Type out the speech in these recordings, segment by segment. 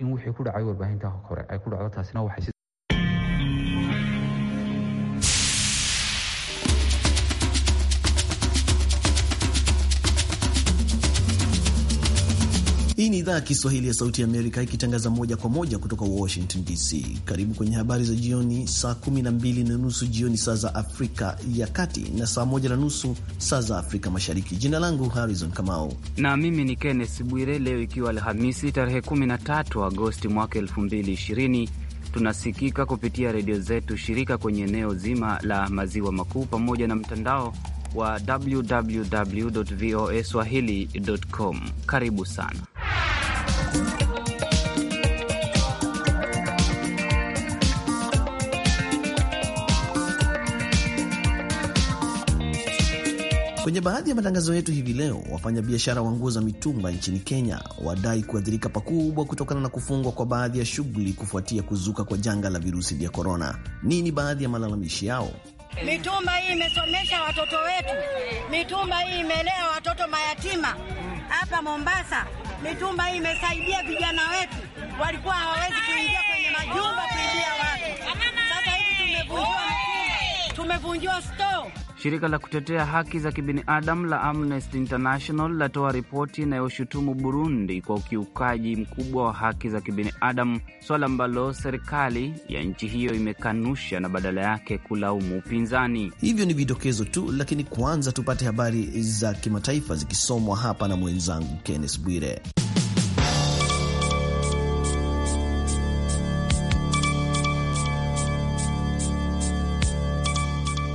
in wixii ku dhacay warbaahinta hore ay ku dhacdo taasina waxay si ni idhaa ya Kiswahili ya Sauti ya Amerika ikitangaza moja kwa moja kutoka Washington DC. Karibu kwenye habari za jioni, saa 12 na nusu jioni saa za Afrika ya Kati na saa 1 na nusu saa za Afrika Mashariki. Jina langu Harrison Kamau na mimi ni Kenneth Bwire. Leo ikiwa Alhamisi tarehe 13 Agosti mwaka 2020 tunasikika kupitia redio zetu shirika kwenye eneo zima la maziwa makuu pamoja na mtandao wa www voa swahili.com. Karibu sana Kwenye baadhi ya matangazo yetu hivi leo, wafanyabiashara wa nguo za mitumba nchini Kenya wadai kuathirika pakubwa kutokana na kufungwa kwa baadhi ya shughuli kufuatia kuzuka kwa janga la virusi vya korona. Nini baadhi ya malalamishi yao? Mitumba hii imesomesha watoto wetu, mitumba hii imelea watoto mayatima hapa Mombasa. Mitumba hii imesaidia vijana wetu, walikuwa hawawezi kuingia kwenye majumba kuibia watu. Sasa hivi tumevunjiwa, tumevunjiwa store Shirika la kutetea haki za kibinadamu la Amnesty International latoa ripoti inayoshutumu Burundi kwa ukiukaji mkubwa wa haki za kibinadamu, swala ambalo serikali ya nchi hiyo imekanusha na badala yake kulaumu upinzani. Hivyo ni vidokezo tu, lakini kwanza tupate habari za kimataifa zikisomwa hapa na mwenzangu Kenneth Bwire.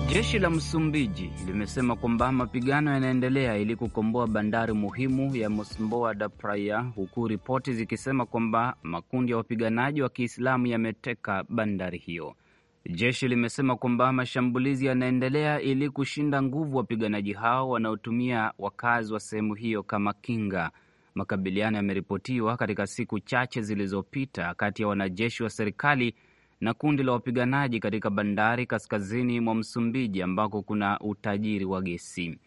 Jeshi la Msumbiji limesema kwamba mapigano yanaendelea ili kukomboa bandari muhimu ya Mosmboa da Praia, huku ripoti zikisema kwamba makundi ya wapiganaji wa Kiislamu yameteka bandari hiyo. Jeshi limesema kwamba mashambulizi yanaendelea ili kushinda nguvu wapiganaji hao wanaotumia wakazi wa sehemu hiyo kama kinga. Makabiliano yameripotiwa katika siku chache zilizopita kati ya wanajeshi wa serikali na kundi la wapiganaji katika bandari kaskazini mwa Msumbiji ambako kuna utajiri wa gesi.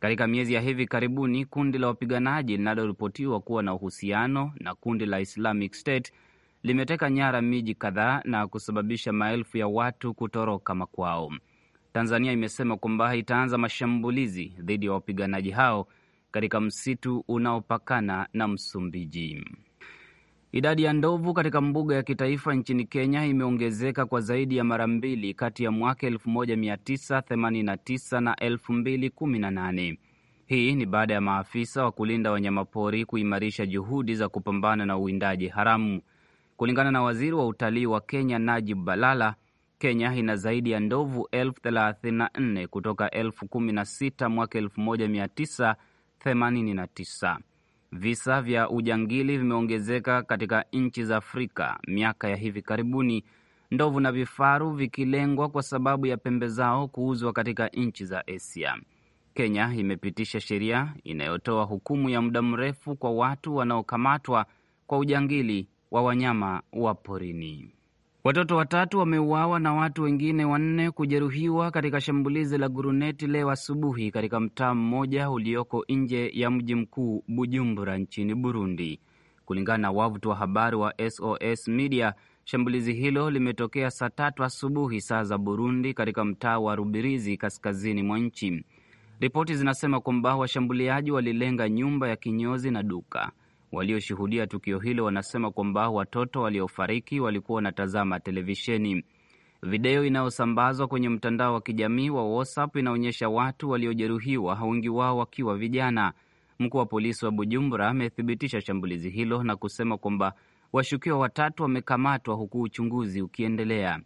Katika miezi ya hivi karibuni, kundi la wapiganaji linaloripotiwa kuwa na uhusiano na kundi la Islamic State limeteka nyara miji kadhaa na kusababisha maelfu ya watu kutoroka makwao. Tanzania imesema kwamba itaanza mashambulizi dhidi ya wapiganaji hao katika msitu unaopakana na Msumbiji. Idadi ya ndovu katika mbuga ya kitaifa nchini Kenya imeongezeka kwa zaidi ya mara mbili kati ya mwaka 1989 na 2018. Hii ni baada ya maafisa wa kulinda wanyamapori kuimarisha juhudi za kupambana na uwindaji haramu. Kulingana na waziri wa utalii wa Kenya Najib Balala, Kenya ina zaidi ya ndovu 34 kutoka 16 mwaka 1989. Visa vya ujangili vimeongezeka katika nchi za Afrika miaka ya hivi karibuni, ndovu na vifaru vikilengwa kwa sababu ya pembe zao kuuzwa katika nchi za Asia. Kenya imepitisha sheria inayotoa hukumu ya muda mrefu kwa watu wanaokamatwa kwa ujangili wa wanyama wa porini. Watoto watatu wameuawa na watu wengine wanne kujeruhiwa katika shambulizi la guruneti leo asubuhi katika mtaa mmoja ulioko nje ya mji mkuu Bujumbura nchini Burundi. Kulingana na wavuti wa habari wa SOS Media, shambulizi hilo limetokea saa tatu asubuhi saa za Burundi katika mtaa wa Rubirizi kaskazini mwa nchi. Ripoti zinasema kwamba washambuliaji walilenga nyumba ya kinyozi na duka. Walioshuhudia tukio hilo wanasema kwamba watoto waliofariki walikuwa wanatazama televisheni. Video inayosambazwa kwenye mtandao wa kijamii wa WhatsApp inaonyesha watu waliojeruhiwa, wengi wao wakiwa vijana. Mkuu wa polisi wa Bujumbura amethibitisha shambulizi hilo na kusema kwamba washukiwa watatu wamekamatwa huku uchunguzi ukiendelea.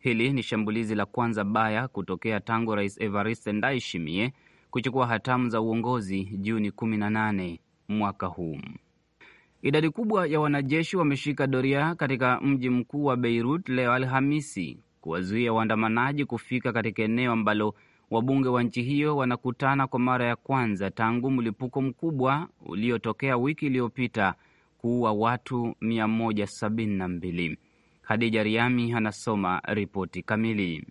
Hili ni shambulizi la kwanza baya kutokea tangu Rais Evariste Ndayishimiye kuchukua hatamu za uongozi Juni 18 mwaka huu. Idadi kubwa ya wanajeshi wameshika doria katika mji mkuu wa Beirut leo Alhamisi kuwazuia waandamanaji kufika katika eneo ambalo wabunge wa nchi hiyo wanakutana kwa mara ya kwanza tangu mlipuko mkubwa uliotokea wiki iliyopita kuua watu 172. Hadija Riami anasoma ripoti kamili.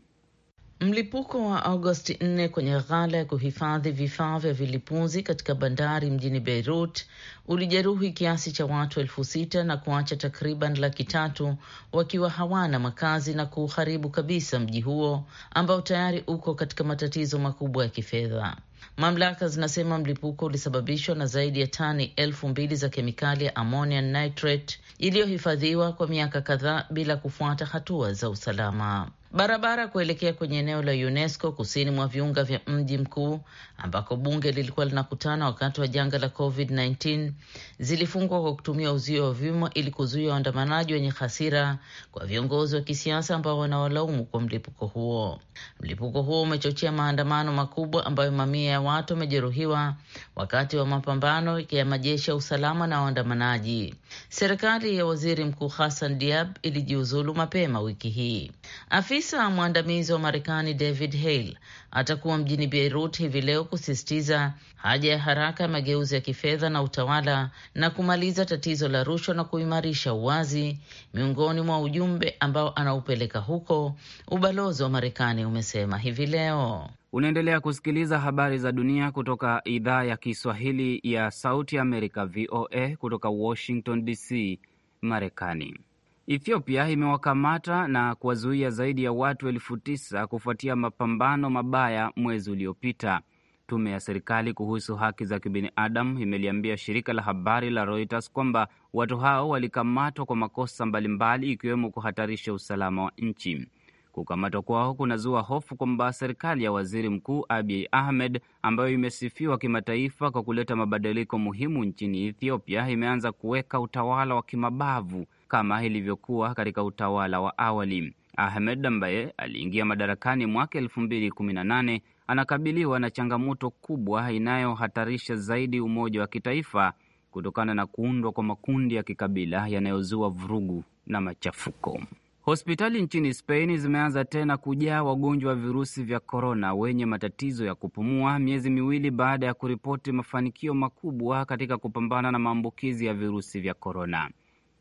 Mlipuko wa Agosti 4 kwenye ghala ya kuhifadhi vifaa vya vilipuzi katika bandari mjini Beirut ulijeruhi kiasi cha watu elfu sita na kuacha takriban laki tatu wakiwa hawana makazi na kuuharibu kabisa mji huo ambao tayari uko katika matatizo makubwa ya kifedha. Mamlaka zinasema mlipuko ulisababishwa na zaidi ya tani elfu mbili za kemikali ya ammonium nitrate iliyohifadhiwa kwa miaka kadhaa bila kufuata hatua za usalama. Barabara kuelekea kwenye eneo la UNESCO kusini mwa viunga vya mji mkuu ambako bunge lilikuwa linakutana wakati wa janga la COVID-19 zilifungwa kwa kutumia uzio wa vyuma ili kuzuia waandamanaji wenye hasira kwa viongozi wa kisiasa ambao wanawalaumu kwa mlipuko huo. Mlipuko huo umechochea maandamano makubwa ambayo mamia ya watu wamejeruhiwa wakati wa mapambano ya majeshi ya usalama na waandamanaji. Serikali ya Waziri Mkuu Hassan Diab ilijiuzulu mapema wiki hii. Afi Afisa mwandamizi wa Marekani David Hale atakuwa mjini Beirut hivi leo kusisitiza haja ya haraka ya mageuzi ya kifedha na utawala na kumaliza tatizo la rushwa na kuimarisha uwazi. Miongoni mwa ujumbe ambao anaupeleka huko, ubalozi wa Marekani umesema hivi leo. Unaendelea kusikiliza habari za dunia kutoka idhaa ya Kiswahili ya Sauti ya Amerika, VOA, kutoka Washington DC, Marekani. Ethiopia imewakamata na kuwazuia zaidi ya watu elfu tisa kufuatia mapambano mabaya mwezi uliopita. Tume ya serikali kuhusu haki za kibinadamu imeliambia shirika la habari la Reuters kwamba watu hao walikamatwa kwa makosa mbalimbali ikiwemo kuhatarisha usalama wa nchi. Kukamatwa kwao kunazua hofu kwamba serikali ya waziri mkuu Abiy Ahmed ambayo imesifiwa kimataifa kwa kuleta mabadiliko muhimu nchini Ethiopia imeanza kuweka utawala wa kimabavu kama ilivyokuwa katika utawala wa awali. Ahmed ambaye aliingia madarakani mwaka elfu mbili kumi na nane anakabiliwa na changamoto kubwa inayohatarisha zaidi umoja wa kitaifa kutokana na kuundwa kwa makundi ya kikabila yanayozua vurugu na machafuko. Hospitali nchini Spain zimeanza tena kujaa wagonjwa wa virusi vya korona wenye matatizo ya kupumua, miezi miwili baada ya kuripoti mafanikio makubwa katika kupambana na maambukizi ya virusi vya korona.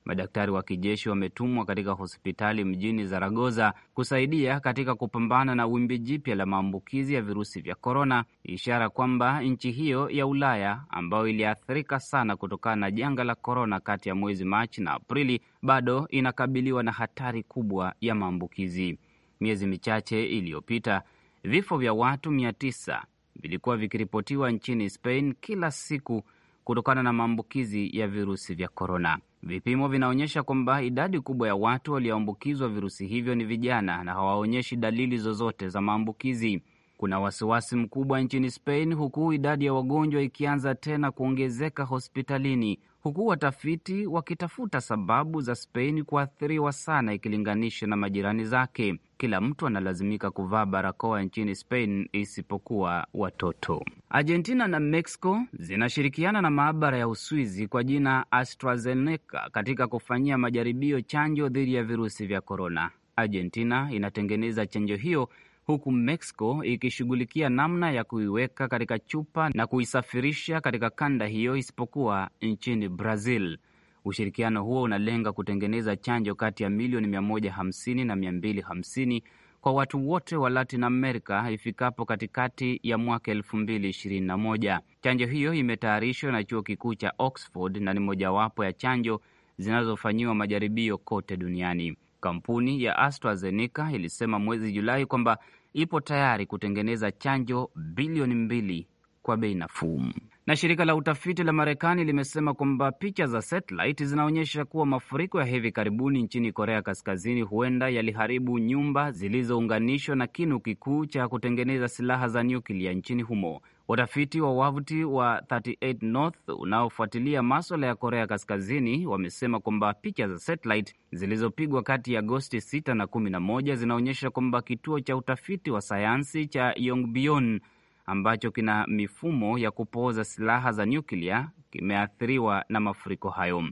Madaktari wa kijeshi wametumwa katika hospitali mjini Zaragoza kusaidia katika kupambana na wimbi jipya la maambukizi ya virusi vya korona, ishara kwamba nchi hiyo ya Ulaya ambayo iliathirika sana kutokana na janga la korona kati ya mwezi Machi na Aprili bado inakabiliwa na hatari kubwa ya maambukizi. Miezi michache iliyopita vifo vya watu mia tisa vilikuwa vikiripotiwa nchini Spain kila siku kutokana na maambukizi ya virusi vya korona. Vipimo vinaonyesha kwamba idadi kubwa ya watu walioambukizwa virusi hivyo ni vijana na hawaonyeshi dalili zozote za maambukizi. Kuna wasiwasi mkubwa nchini Spain, huku idadi ya wagonjwa ikianza tena kuongezeka hospitalini huku watafiti wakitafuta sababu za Spein kuathiriwa sana ikilinganisha na majirani zake. Kila mtu analazimika kuvaa barakoa nchini Spain isipokuwa watoto. Argentina na Mexico zinashirikiana na maabara ya Uswizi kwa jina AstraZeneca katika kufanyia majaribio chanjo dhidi ya virusi vya korona. Argentina inatengeneza chanjo hiyo huku Mexico ikishughulikia namna ya kuiweka katika chupa na kuisafirisha katika kanda hiyo isipokuwa nchini Brazil. Ushirikiano huo unalenga kutengeneza chanjo kati ya milioni 150 na 250 kwa watu wote wa Latin America ifikapo katikati ya mwaka 2021. Chanjo hiyo imetayarishwa na chuo kikuu cha Oxford na ni mojawapo ya chanjo zinazofanyiwa majaribio kote duniani. Kampuni ya AstraZeneca ilisema mwezi Julai kwamba ipo tayari kutengeneza chanjo bilioni mbili kwa bei nafuu. Na shirika la utafiti la Marekani limesema kwamba picha za satellite zinaonyesha kuwa mafuriko ya hivi karibuni nchini Korea Kaskazini huenda yaliharibu nyumba zilizounganishwa na kinu kikuu cha kutengeneza silaha za nyuklia nchini humo. Watafiti wa wavuti wa 38 North unaofuatilia maswala ya Korea Kaskazini wamesema kwamba picha za satellite zilizopigwa kati ya Agosti 6 na 11 zinaonyesha kwamba kituo cha utafiti wa sayansi cha Yongbyon ambacho kina mifumo ya kupooza silaha za nyuklia kimeathiriwa na mafuriko hayo.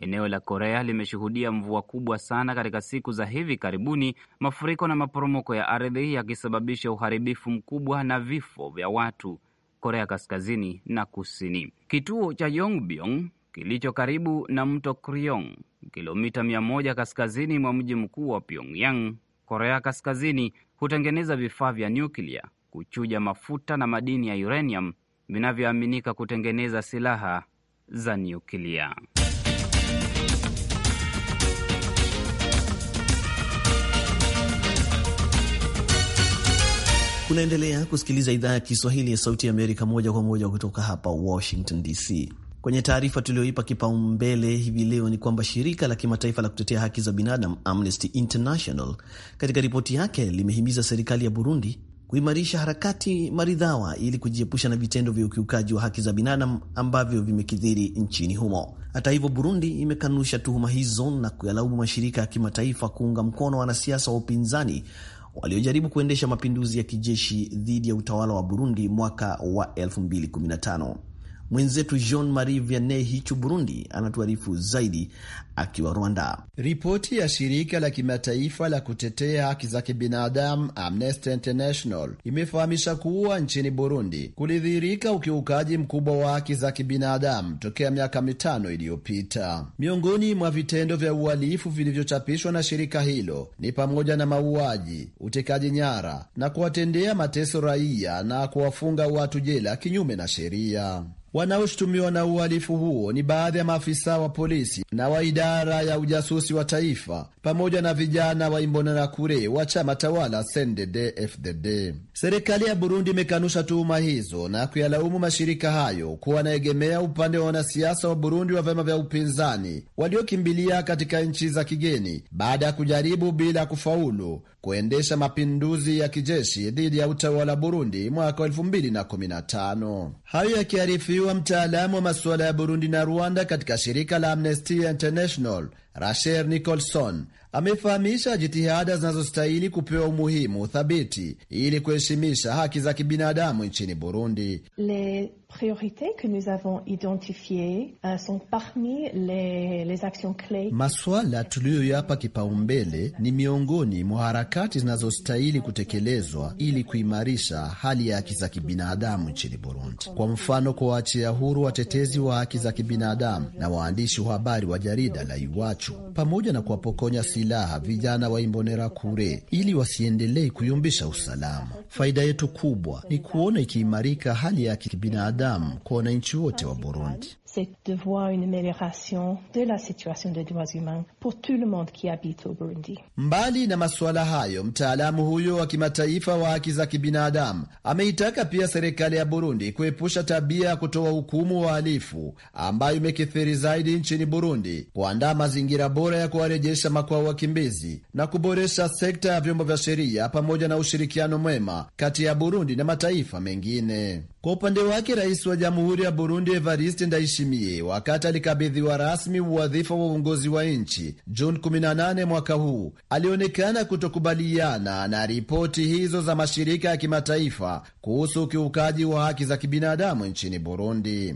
Eneo la Korea limeshuhudia mvua kubwa sana katika siku za hivi karibuni, mafuriko na maporomoko ya ardhi yakisababisha uharibifu mkubwa na vifo vya watu Korea Kaskazini na Kusini. Kituo cha Yongbyong kilicho karibu na mto Kryong, kilomita 100 kaskazini mwa mji mkuu wa Pyongyang, Korea Kaskazini, hutengeneza vifaa vya nyuklia, kuchuja mafuta na madini ya uranium vinavyoaminika kutengeneza silaha za nyuklia. Unaendelea kusikiliza idhaa ya Kiswahili ya Sauti ya Amerika moja kwa moja kutoka hapa Washington DC. Kwenye taarifa tuliyoipa kipaumbele hivi leo ni kwamba shirika la kimataifa la kutetea haki za binadamu Amnesty International katika ripoti yake limehimiza serikali ya Burundi kuimarisha harakati maridhawa ili kujiepusha na vitendo vya ukiukaji wa haki za binadamu ambavyo vimekithiri nchini humo. Hata hivyo, Burundi imekanusha tuhuma hizo na kuyalaumu mashirika ya kimataifa kuunga mkono wanasiasa wa upinzani waliojaribu kuendesha mapinduzi ya kijeshi dhidi ya utawala wa Burundi mwaka wa 2015. Mwenzetu Jean Marie Vianney Hichu Burundi anatuarifu zaidi akiwa Rwanda. Ripoti ya shirika la kimataifa la kutetea haki za kibinadamu Amnesty International imefahamisha kuwa nchini Burundi kulidhihirika ukiukaji mkubwa wa haki za kibinadamu tokea miaka mitano iliyopita. Miongoni mwa vitendo vya uhalifu vilivyochapishwa na shirika hilo ni pamoja na mauaji, utekaji nyara na kuwatendea mateso raia na kuwafunga watu jela kinyume na sheria. Wanaoshutumiwa na uhalifu huo ni baadhi ya maafisa wa polisi na wa idara ya ujasusi wa taifa pamoja na vijana wa Imbonerakure wa chama tawala CNDD-FDD. Serikali ya Burundi imekanusha tuhuma hizo na kuyalaumu mashirika hayo kuwa anaegemea upande wa wanasiasa wa Burundi wa vyama vya upinzani waliokimbilia katika nchi za kigeni baada ya kujaribu bila kufaulu kuendesha mapinduzi ya kijeshi dhidi ya utawala Burundi mwaka tano. Hayo yakiarifiwa, mtaalamu wa masuala ya Burundi na Rwanda katika shirika la Amnesty International Rasher Nicholson amefahamisha jitihada zinazostahili kupewa umuhimu thabiti ili kuheshimisha haki za kibinadamu nchini Burundi Le priorités que nous avons identifiées euh, sont parmi les, les actions clés. Maswala tuliyoyapa kipaumbele ni miongoni mwa harakati zinazostahili kutekelezwa ili kuimarisha hali ya haki za kibinadamu nchini Burundi. Kwa mfano, kuwaachia huru watetezi wa haki za kibinadamu na waandishi wa habari wa jarida la Iwachu pamoja na kuwapokonya silaha vijana wa Imbonera Kure ili wasiendelei kuyumbisha usalama. Faida yetu kubwa ni kuona ikiimarika hali ya kibinadamu binadamu kwa wananchi wote wa Burundi. Mbali na masuala hayo, mtaalamu huyo wa kimataifa wa haki za kibinadamu ameitaka pia serikali ya Burundi kuepusha tabia ya kutoa hukumu wahalifu ambayo imekithiri zaidi nchini Burundi, kuandaa mazingira bora ya kuwarejesha makwao wakimbizi na kuboresha sekta ya vyombo vya sheria pamoja na ushirikiano mwema kati ya Burundi na mataifa mengine. Kwa upande wake rais Rais wa Jamhuri ya Burundi Evariste Ndayishimiye wakati alikabidhiwa rasmi uwadhifa wa uongozi wa nchi Juni 18 mwaka huu, alionekana kutokubaliana na ripoti hizo za mashirika ya kimataifa kuhusu ukiukaji wa haki za kibinadamu nchini Burundi.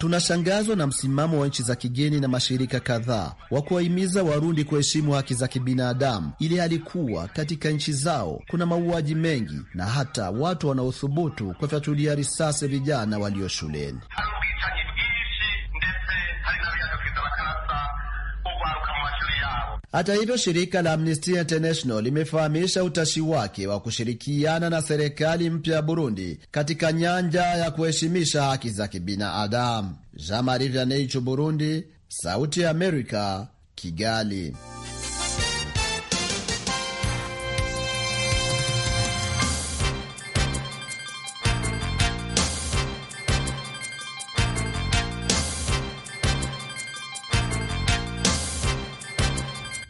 Tunashangazwa na msimamo wa nchi za kigeni na mashirika kadhaa wa kuwahimiza Warundi kuheshimu haki za kibinadamu, ili hali kuwa katika nchi zao kuna mauaji mengi na hata watu wanaothubutu kufyatulia risasi vijana walio shuleni. Hata hivyo, shirika la Amnesty International limefahamisha utashi wake wa kushirikiana na serikali mpya ya Burundi katika nyanja ya kuheshimisha haki za kibinadamu. Jean Marie Vianney, Burundi, Sauti ya Amerika, Kigali.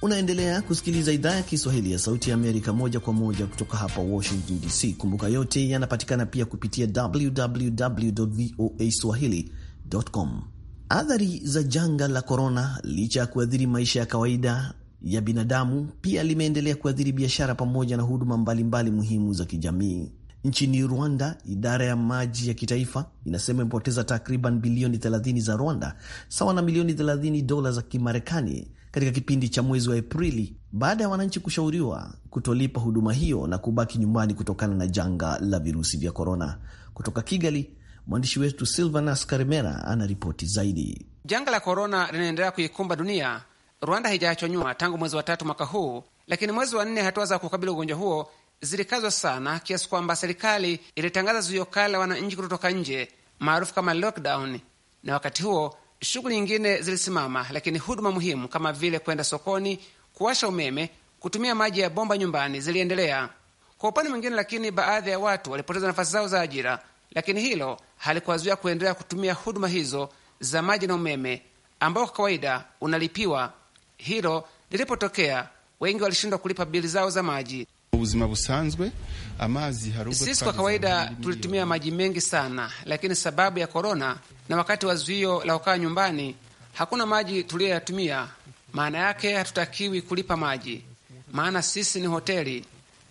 Unaendelea kusikiliza idhaa ya Kiswahili ya Sauti ya Amerika moja kwa moja kutoka hapa Washington DC. Kumbuka yote yanapatikana pia kupitia www voa swahili.com. Athari za janga la korona, licha ya kuathiri maisha ya kawaida ya binadamu, pia limeendelea kuathiri biashara pamoja na huduma mbalimbali muhimu za kijamii. Nchini Rwanda, idara ya maji ya kitaifa inasema imepoteza takriban bilioni 30 za Rwanda, sawa na milioni 30 dola za Kimarekani katika kipindi cha mwezi wa Aprili baada ya wananchi kushauriwa kutolipa huduma hiyo na kubaki nyumbani kutokana na janga la virusi vya korona. Kutoka Kigali, mwandishi wetu Silvanas Karimera ana ripoti zaidi. Janga la korona linaendelea kuikumba dunia. Rwanda haijaachwa nyuma tangu mwezi wa tatu mwaka huu, lakini mwezi wa nne hatua za kukabili ugonjwa huo zilikazwa sana kiasi kwamba serikali ilitangaza zuio kali la wananchi kutotoka nje maarufu kama lockdown, na wakati huo Shughuli nyingine zilisimama, lakini huduma muhimu kama vile kwenda sokoni, kuwasha umeme, kutumia maji ya bomba nyumbani ziliendelea. Kwa upande mwingine, lakini baadhi ya watu walipoteza nafasi zao za ajira, lakini hilo halikuwazuia kuendelea kutumia huduma hizo za maji na umeme ambao kwa kawaida unalipiwa. Hilo lilipotokea, wengi walishindwa kulipa bili zao za maji. Sisi kwa kawaida tulitumia maji mengi sana, lakini sababu ya korona na wakati wa zuio la kukaa nyumbani hakuna maji tuliyoyatumia. Maana yake hatutakiwi kulipa maji, maana sisi ni hoteli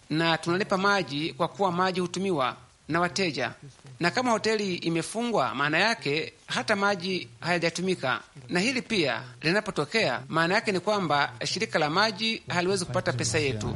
na tunalipa maji kwa kuwa maji hutumiwa na wateja, na kama hoteli imefungwa, maana yake hata maji hayajatumika. Na hili pia linapotokea, maana yake ni kwamba shirika la maji haliwezi kupata pesa yetu.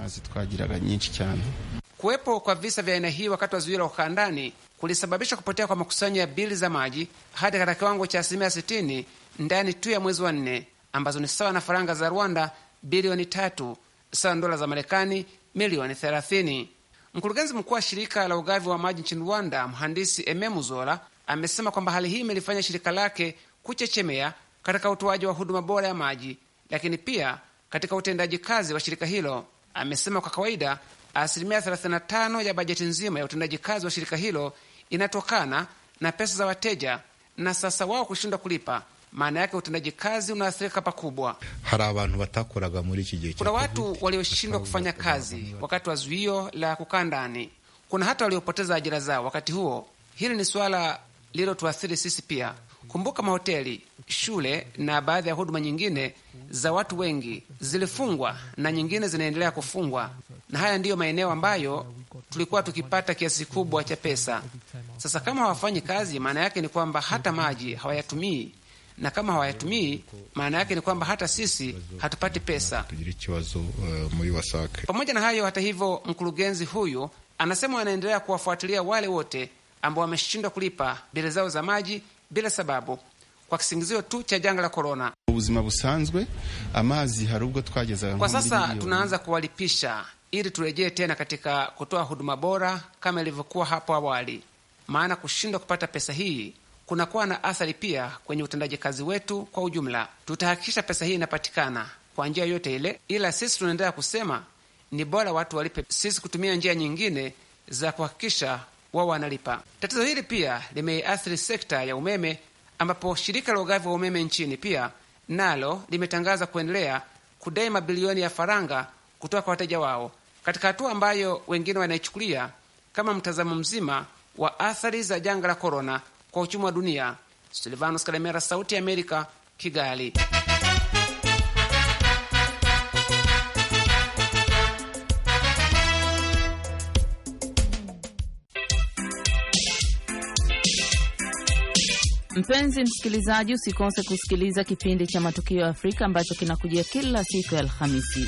Kuwepo kwa visa vya aina hii wakati wa zuio la ukandani kulisababisha kupotea kwa makusanyo ya bili za maji hadi katika kiwango cha asilimia 60 ndani tu ya mwezi wa nne, ambazo ni sawa na faranga za Rwanda bilioni tatu sawa na dola za Marekani milioni 30. Mkurugenzi mkuu wa shirika la ugavi wa maji nchini Rwanda, mhandisi Ememu Zola, amesema kwamba hali hii imelifanya shirika lake kuchechemea katika utoaji wa huduma bora ya maji, lakini pia katika utendaji kazi wa shirika hilo. Amesema kwa kawaida Asilimia 35 ya bajeti nzima ya utendaji kazi wa shirika hilo inatokana na pesa za wateja, na sasa wao kushindwa kulipa, maana yake utendaji kazi unaathirika pakubwa. Kuna watu walioshindwa kufanya kazi wakati wa zuio la kukaa ndani, kuna hata waliopoteza ajira zao wakati huo. Hili ni suala lililotuathiri sisi pia. Kumbuka, mahoteli, shule na baadhi ya huduma nyingine za watu wengi zilifungwa na nyingine zinaendelea kufungwa na haya ndiyo maeneo ambayo tulikuwa tukipata kiasi kubwa cha pesa. Sasa kama hawafanyi kazi, maana yake ni kwamba hata maji hawayatumii, na kama hawayatumii, maana yake ni kwamba hata sisi hatupati pesa. Pamoja na hayo, hata hivyo, mkurugenzi huyu anasema wanaendelea kuwafuatilia wale wote ambao wameshindwa kulipa bili zao za maji bila sababu kwa kisingizio tu cha janga la korona. Kwa sasa tunaanza kuwalipisha ili turejee tena katika kutoa huduma bora kama ilivyokuwa hapo awali, maana kushindwa kupata pesa hii kunakuwa na athari pia kwenye utendaji kazi wetu kwa ujumla. Tutahakikisha pesa hii inapatikana kwa njia yote ile, ila sisi tunaendelea kusema ni bora watu walipe, sisi kutumia njia nyingine za kuhakikisha wao wanalipa. Tatizo hili pia limeiathiri sekta ya umeme, ambapo shirika la ugavi wa umeme nchini pia nalo limetangaza kuendelea kudai mabilioni ya faranga kutoka kwa wateja wao katika hatua ambayo wengine wanaichukulia kama mtazamo mzima wa athari za janga la korona kwa uchumi wa dunia. Silvanos Kalemera, Sauti ya Amerika, Kigali. Mpenzi msikilizaji, usikose kusikiliza kipindi cha Matukio ya Afrika ambacho kinakujia kila siku ya Alhamisi.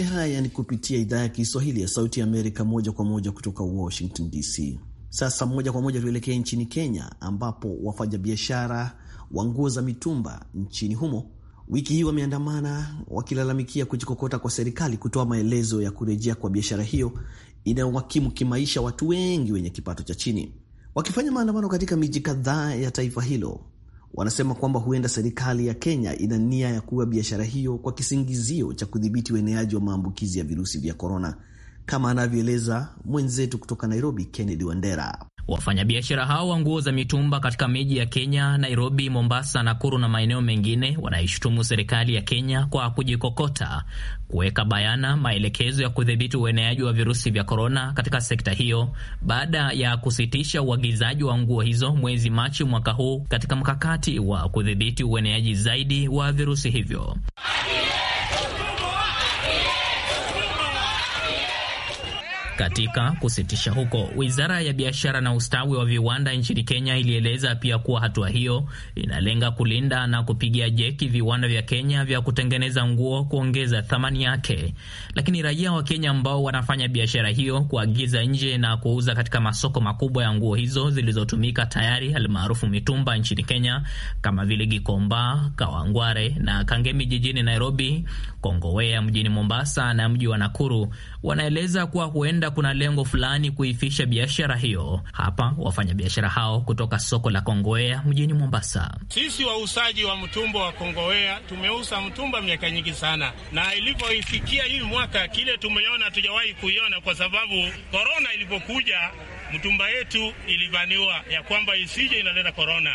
Yote haya ni kupitia idhaa ya Kiswahili ya Sauti ya Amerika, moja kwa moja kutoka Washington DC. Sasa moja kwa moja tuelekee nchini Kenya, ambapo wafanyabiashara wa nguo za mitumba nchini humo wiki hii wameandamana wakilalamikia kujikokota kwa serikali kutoa maelezo ya kurejea kwa biashara hiyo inayowakimu kimaisha watu wengi wenye kipato cha chini, wakifanya maandamano katika miji kadhaa ya taifa hilo. Wanasema kwamba huenda serikali ya Kenya ina nia ya kuwa biashara hiyo kwa kisingizio cha kudhibiti ueneaji wa maambukizi ya virusi vya korona, kama anavyoeleza mwenzetu kutoka Nairobi, Kennedy Wandera. Wafanyabiashara hao wa nguo za mitumba katika miji ya Kenya, Nairobi, Mombasa, Nakuru na maeneo mengine wanaishutumu serikali ya Kenya kwa kujikokota kuweka bayana maelekezo ya kudhibiti ueneaji wa virusi vya korona katika sekta hiyo baada ya kusitisha uagizaji wa nguo hizo mwezi Machi mwaka huu katika mkakati wa kudhibiti ueneaji zaidi wa virusi hivyo. Katika kusitisha huko, wizara ya biashara na ustawi wa viwanda nchini Kenya ilieleza pia kuwa hatua hiyo inalenga kulinda na kupigia jeki viwanda vya Kenya vya kutengeneza nguo kuongeza thamani yake, lakini raia wa Kenya ambao wanafanya biashara hiyo kuagiza nje na kuuza katika masoko makubwa ya nguo hizo zilizotumika tayari almaarufu mitumba nchini Kenya kama vile Gikomba, Kawangware na Kangemi jijini Nairobi, Kongowea mjini Mombasa na mji wa Nakuru wanaeleza kuwa huenda kuna lengo fulani kuifisha biashara hiyo. Hapa wafanyabiashara hao kutoka soko la Kongowea mjini Mombasa. Sisi wauzaji wa mtumba wa Kongowea tumeuza mtumba miaka nyingi sana, na ilivyoifikia hii mwaka kile tumeona hatujawahi kuiona kwa sababu korona ilipokuja mtumba yetu ilivaniwa ya kwamba isije inaleta korona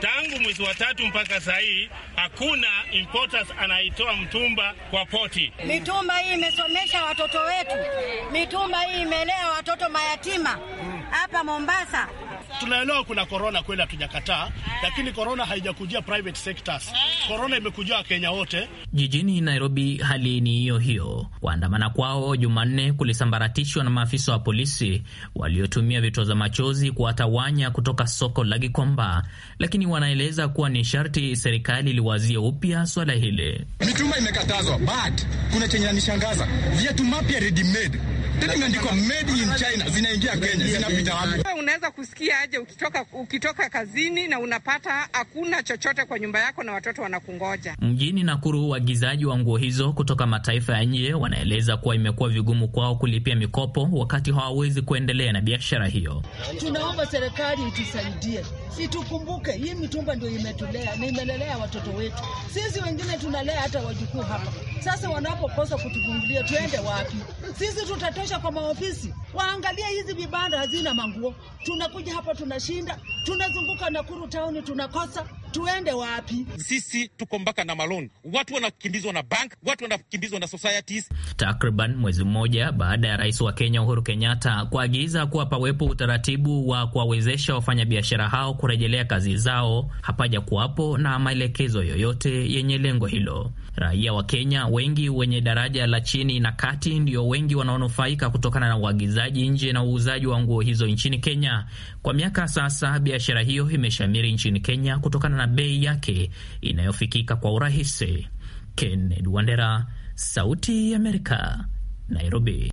tangu mwezi wa tatu mpaka saa hii hakuna importers anaitoa mtumba kwa poti. Mitumba hii imesomesha watoto wetu, mitumba hii imelea watoto mayatima hapa Mombasa tunaelewa kuna korona kweli, hatujakataa, ah. lakini korona haijakujia private sectors, korona ah. imekujia Wakenya wote. Jijini Nairobi hali ni hiyo hiyo. Kuandamana kwao Jumanne kulisambaratishwa na maafisa wa polisi waliotumia vitoza machozi kuwatawanya kutoka soko la Gikomba, lakini wanaeleza kuwa ni sharti serikali iliwazie upya swala hili. Mitumba imekatazwa, but kuna chenye nanishangaza, viatu mapya ready made tena imeandikwa made in China zinaingia Kenya, zinapita wapi? Unaweza kusikia aje ukitoka, ukitoka kazini na unapata hakuna chochote kwa nyumba yako na watoto wanakungoja. Mjini Nakuru, uagizaji wa nguo hizo kutoka mataifa ya nje wanaeleza kuwa imekuwa vigumu kwao kulipia mikopo wakati hawawezi kuendelea na biashara hiyo. Tunaomba serikali itusaidie, itukumbuke hii mitumba ndio imetulea na imelelea watoto wetu. Sisi wengine tunalea hata wajukuu hapa. Sasa wanapokosa kutufungulia, tuende wapi? Sisi tutatosha kwa maofisi? Waangalie hizi vibanda hazina manguo, tunakuja hapa tunashinda, tunazunguka Nakuru town tunakosa tuende wapi? Sisi tuko mpaka na malon, watu wanakimbizwa na bank, watu wanakimbizwa na societies. Takriban mwezi mmoja baada ya rais wa Kenya Uhuru Kenyatta kuagiza kuwa pawepo utaratibu wa kuwawezesha wafanyabiashara hao kurejelea kazi zao, hapaja kuwapo na maelekezo yoyote yenye lengo hilo. Raia wa Kenya wengi wenye daraja la chini na kati ndio wengi wanaonufaika kutokana na uagizaji nje na uuzaji wa nguo hizo nchini Kenya. Kwa miaka sasa, biashara hiyo imeshamiri nchini Kenya kutokana na bei yake inayofikika kwa urahisi. Kennedy Wandera, Sauti ya Amerika, Nairobi.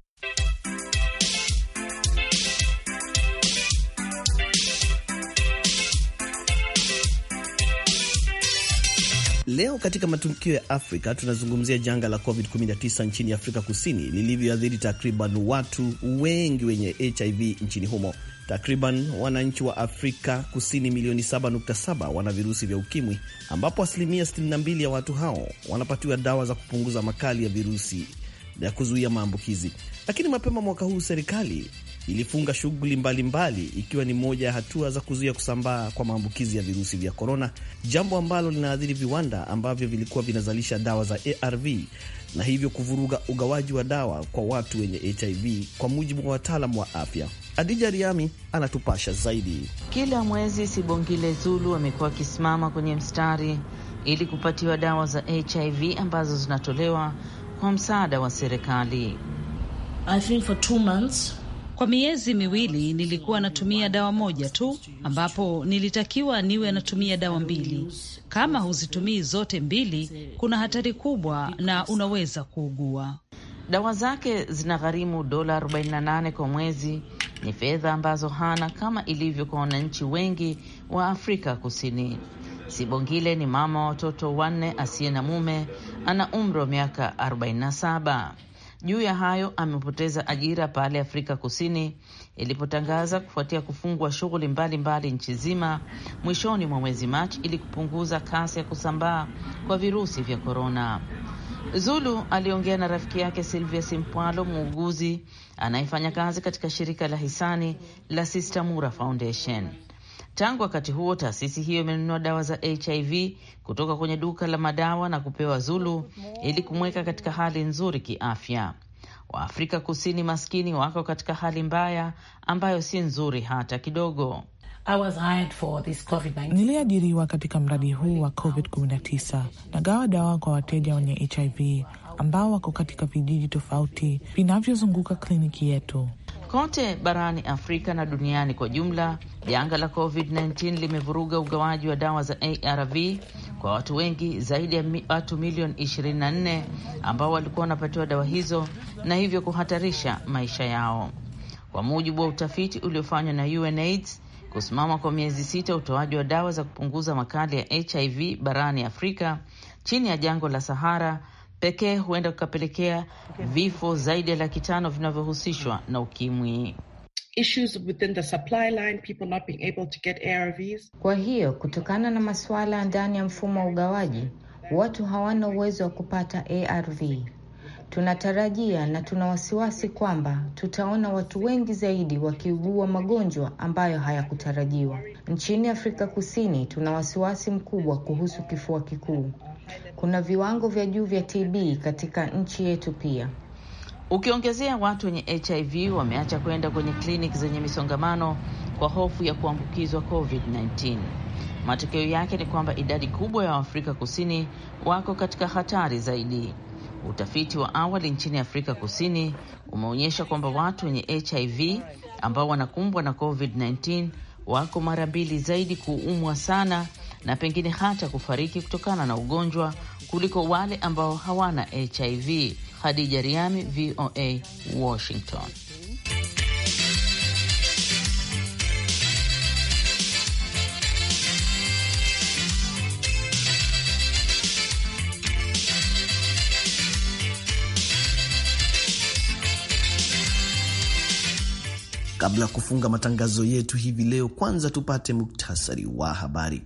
Leo katika matukio ya Afrika tunazungumzia janga la COVID-19 nchini Afrika Kusini lilivyoathiri takriban watu wengi wenye HIV nchini humo. Takriban wananchi wa Afrika Kusini milioni 7.7 wana virusi vya ukimwi, ambapo asilimia 62 ya watu hao wanapatiwa dawa za kupunguza makali ya virusi vya kuzuia maambukizi. Lakini mapema mwaka huu serikali ilifunga shughuli mbalimbali, ikiwa ni moja ya hatua za kuzuia kusambaa kwa maambukizi ya virusi vya korona, jambo ambalo linaathiri viwanda ambavyo vilikuwa vinazalisha dawa za ARV na hivyo kuvuruga ugawaji wa dawa kwa watu wenye HIV, kwa mujibu wa wataalam wa afya. Adija Riami anatupasha zaidi. Kila mwezi Sibongile Zulu amekuwa akisimama kwenye mstari ili kupatiwa dawa za HIV ambazo zinatolewa kwa msaada wa serikali. I think for two months kwa miezi miwili nilikuwa natumia dawa moja tu, ambapo nilitakiwa niwe natumia dawa mbili. Kama huzitumii zote mbili, kuna hatari kubwa na unaweza kuugua. Dawa zake zinagharimu dola 48 kwa mwezi. Ni fedha ambazo hana, kama ilivyo kwa wananchi wengi wa Afrika Kusini. Sibongile ni mama wa watoto wanne asiye na mume, ana umri wa miaka 47. Juu ya hayo, amepoteza ajira pale Afrika Kusini ilipotangaza kufuatia kufungwa shughuli mbalimbali nchi zima mwishoni mwa mwezi Machi ili kupunguza kasi ya kusambaa kwa virusi vya korona. Zulu aliongea na rafiki yake Silvia Simpwalo, muuguzi anayefanya kazi katika shirika la hisani la Sister Mura Foundation. Tangu wakati huo taasisi hiyo imenunua dawa za HIV kutoka kwenye duka la madawa na kupewa Zulu ili kumweka katika hali nzuri kiafya. Waafrika Kusini maskini wako katika hali mbaya ambayo si nzuri hata kidogo. Niliajiriwa katika mradi huu wa COVID-19 na gawa dawa kwa wateja wenye HIV ambao wako katika vijiji tofauti vinavyozunguka kliniki yetu. Kote barani Afrika na duniani kwa jumla, janga la COVID-19 limevuruga ugawaji wa dawa za ARV kwa watu wengi zaidi ya watu milioni 24 ambao walikuwa wanapatiwa dawa hizo na hivyo kuhatarisha maisha yao, kwa mujibu wa utafiti uliofanywa na UNAIDS. Kusimama kwa miezi sita utoaji wa dawa za kupunguza makali ya HIV barani Afrika chini ya jangwa la Sahara pekee huenda kukapelekea vifo zaidi ya laki tano vinavyohusishwa na ukimwi. Kwa hiyo kutokana na masuala ndani ya mfumo wa ugawaji, watu hawana uwezo wa kupata ARV. Tunatarajia na tuna wasiwasi kwamba tutaona watu wengi zaidi wakiugua magonjwa ambayo hayakutarajiwa. Nchini Afrika Kusini tuna wasiwasi mkubwa kuhusu kifua kikuu. Kuna viwango vya juu vya TB katika nchi yetu pia. Ukiongezea watu wenye HIV wameacha kwenda kwenye kliniki zenye misongamano kwa hofu ya kuambukizwa COVID-19. Matokeo yake ni kwamba idadi kubwa ya Waafrika Kusini wako katika hatari zaidi. Utafiti wa awali nchini Afrika Kusini umeonyesha kwamba watu wenye HIV ambao wanakumbwa na COVID-19 wako mara mbili zaidi kuumwa sana na pengine hata kufariki kutokana na ugonjwa kuliko wale ambao hawana HIV. Khadija Riami, VOA, Washington. Kabla ya kufunga matangazo yetu hivi leo, kwanza tupate muktasari wa habari.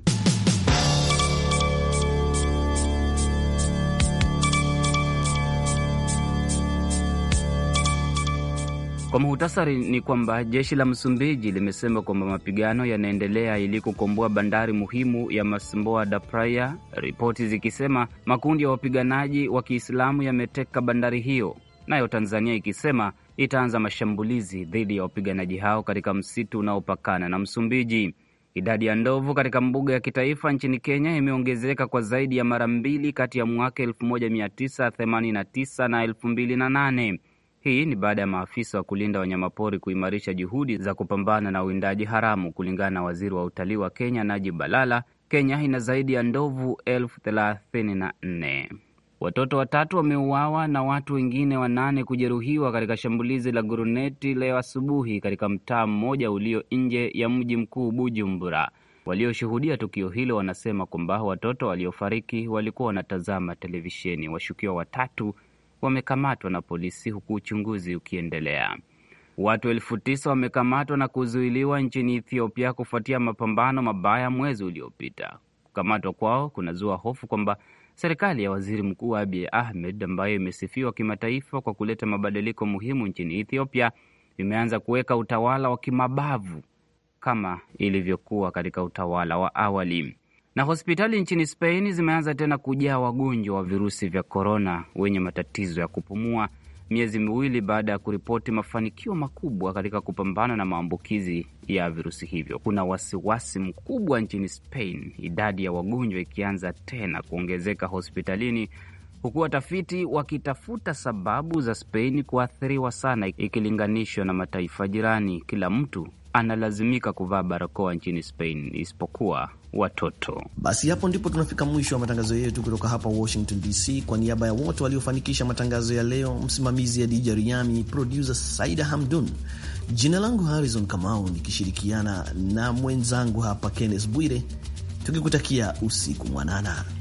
Kwa muhtasari ni kwamba jeshi la Msumbiji limesema kwamba mapigano yanaendelea ili kukomboa bandari muhimu ya Masimboa da Praia, ripoti zikisema makundi ya wapiganaji wa Kiislamu yameteka bandari hiyo, nayo Tanzania ikisema itaanza mashambulizi dhidi ya wapiganaji hao katika msitu unaopakana na Msumbiji. Idadi ya ndovu katika mbuga ya kitaifa nchini Kenya imeongezeka kwa zaidi ya mara mbili kati ya mwaka 1989 na 2008. Hii ni baada ya maafisa wa kulinda wanyamapori kuimarisha juhudi za kupambana na uwindaji haramu. Kulingana na waziri wa utalii wa Kenya Najib Balala, Kenya ina zaidi ya ndovu elfu thelathini na nne. Watoto watatu wameuawa na watu wengine wanane kujeruhiwa katika shambulizi la guruneti leo asubuhi katika mtaa mmoja ulio nje ya mji mkuu Bujumbura. Walioshuhudia tukio hilo wanasema kwamba watoto waliofariki walikuwa wanatazama televisheni. Washukiwa watatu wamekamatwa na polisi huku uchunguzi ukiendelea. Watu elfu tisa wamekamatwa na kuzuiliwa nchini Ethiopia kufuatia mapambano mabaya mwezi uliopita. Kukamatwa kwao kunazua hofu kwamba serikali ya waziri mkuu Abiy Ahmed ambayo imesifiwa kimataifa kwa kuleta mabadiliko muhimu nchini Ethiopia imeanza kuweka utawala wa kimabavu kama ilivyokuwa katika utawala wa awali na hospitali nchini Spain zimeanza tena kujaa wagonjwa wa virusi vya korona wenye matatizo ya kupumua, miezi miwili baada ya kuripoti mafanikio makubwa katika kupambana na maambukizi ya virusi hivyo. Kuna wasiwasi mkubwa nchini Spain, idadi ya wagonjwa ikianza tena kuongezeka hospitalini, huku watafiti wakitafuta sababu za Spain kuathiriwa sana ikilinganishwa na mataifa jirani. Kila mtu analazimika kuvaa barakoa nchini Spain isipokuwa watoto. Basi hapo ndipo tunafika mwisho wa matangazo yetu kutoka hapa Washington DC. Kwa niaba ya wote waliofanikisha matangazo ya leo, msimamizi Adija Riami, produsa Saida Hamdun, jina langu Harrison Kamau nikishirikiana na mwenzangu hapa Kennes Bwire, tukikutakia usiku mwanana.